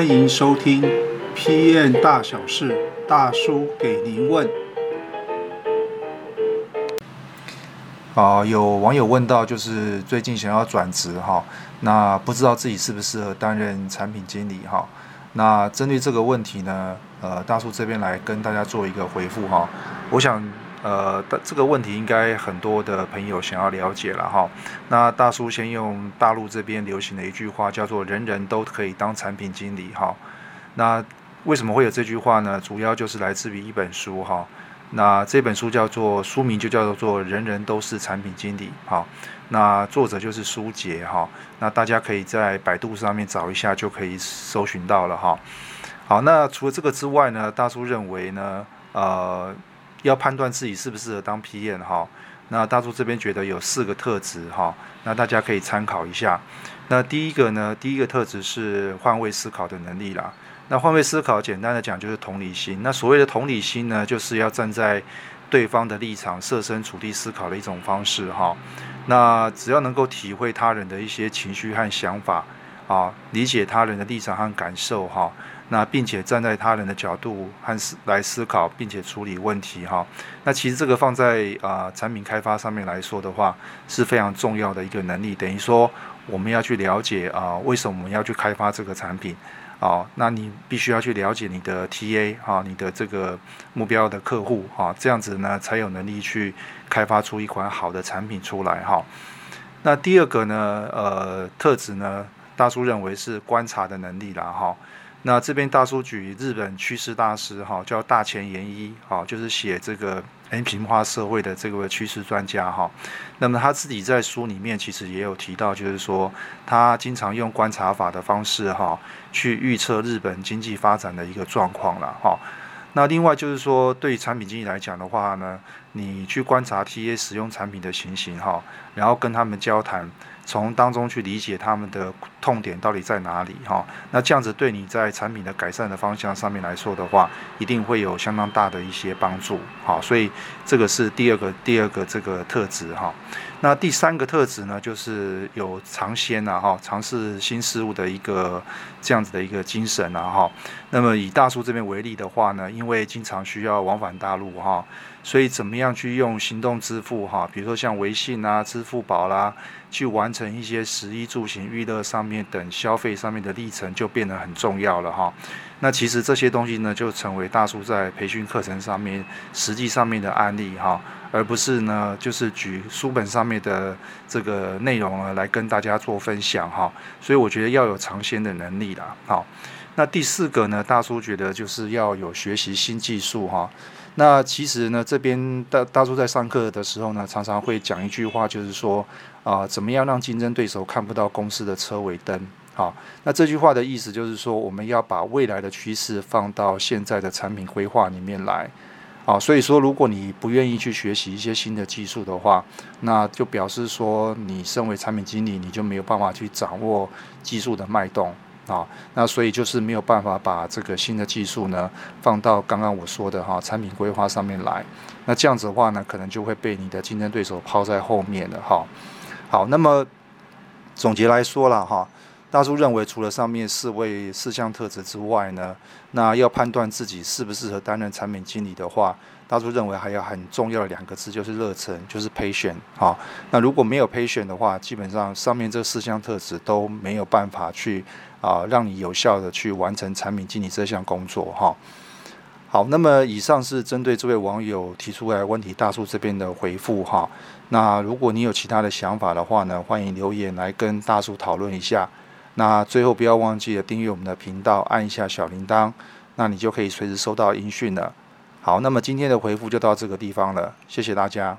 歡迎收聽《PM 大小事》，大叔給您問。啊、呃，有網友問到，就是最近想要轉職哈、哦，那不知道自己適不適合擔任產品經理哈、哦？那針對這個問題呢，呃，大叔這邊來跟大家做一個回復哈、哦。我想。呃，這個問題應該很多的朋友想要了解了哈。那大叔先用大陸這邊流行的一句話叫做“人人都可以當產品經理”哈。那為什麼會有這句話呢？主要就是來自於一本書哈。那這本書叫做書名就叫做《人人都是產品經理》哈。那作者就是蘇杰哈。那大家可以在百度上面找一下就可以搜尋到了哈。好，那除了這個之外呢，大叔認為呢，呃。要判斷自己適不適合當 PM 哈，那大叔這邊覺得有四個特質哈，那大家可以參考一下。那第一個呢，第一個特質是換位思考的能力啦。那換位思考簡單的講就是同理心。那所謂的同理心呢，就是要站在對方的立場，設身處地思考的一種方式哈。那只要能夠體會他人的一些情緒和想法。啊，理解他人的立場和感受哈、啊，那並且站在他人的角度和思來思考，並且處理問題哈、啊。那其實這個放在啊產品開發上面來說的話，是非常重要的一個能力。等於說我們要去了解啊，為什麼我們要去開發這個產品？啊，那你必須要去了解你的 TA 哈、啊，你的這個目標的客戶哈、啊，這樣子呢才有能力去開發出一款好的產品出來哈、啊。那第二個呢，呃，特質呢？大叔認為是觀察的能力啦。哈，那這邊大叔舉日本趨勢大師哈，叫大前研一哈，就是寫這個 M 型化社會的這個趨勢專家哈，那麼他自己在書裡面其實也有提到，就是說他經常用觀察法的方式哈，去預測日本經濟發展的一個狀況了哈。那另外就是說對產品經理來講的話呢。你去觀察 TA 使用產品的情形哈，然後跟他們交談，從當中去理解他們的痛點到底在哪裡哈。那這樣子對你在產品的改善的方向上面來說的話，一定會有相當大的一些幫助哈。所以這個是第二個第二個這個特質哈。那第三個特質呢，就是有嘗鮮吶哈，嘗試新事物的一個這樣子的一個精神啊哈。那麼以大叔這邊為例的話呢，因為經常需要往返大陸哈，所以怎麼樣？樣去用行動支付哈，比如說像微信啊、支付寶啦、啊，去完成一些食衣住行、娛樂上面等消費上面的歷程，就變得很重要了哈。那其實這些東西呢，就成為大叔在培訓課程上面實際上面的案例哈，而不是呢，就是舉書本上面的這個內容來跟大家做分享哈。所以我覺得要有嘗鮮的能力了。好，那第四個呢，大叔覺得就是要有學習新技術哈。那其實呢，這邊大大叔在上課的時候呢，常常會講一句話，就是說啊、呃，怎麼樣讓競爭對手看不到公司的車尾燈？好、哦，那這句話的意思就是說，我們要把未來的趨勢放到現在的產品規劃裡面來。好、哦，所以說，如果你不願意去學習一些新的技術的話，那就表示說，你身為產品經理，你就沒有辦法去掌握技術的脈動。啊，那所以就是沒有辦法把這個新的技術呢放到剛剛我說的哈、哦、產品規劃上面來，那這樣子的話呢，可能就會被你的競爭對手拋在後面了哈、哦。好，那麼總結來說啦，哈、哦，大叔認為除了上面四位四項特質之外呢，那要判斷自己適不適合擔任產品經理的話，大叔認為還有很重要的兩個字就是熱忱，就是 patient、哦。哈，那如果沒有 patient 的話，基本上上面這四項特質都沒有辦法去。啊，讓你有效的去完成產品經理這項工作哈。好，那麼以上是針對這位網友提出來問題，大叔這邊的回復哈。那如果你有其他的想法的話呢，歡迎留言來跟大叔討論一下。那最後不要忘記了訂閱我們的頻道，按一下小鈴鐺，那你就可以隨時收到音訊了。好，那麼今天的回復就到這個地方了，謝謝大家。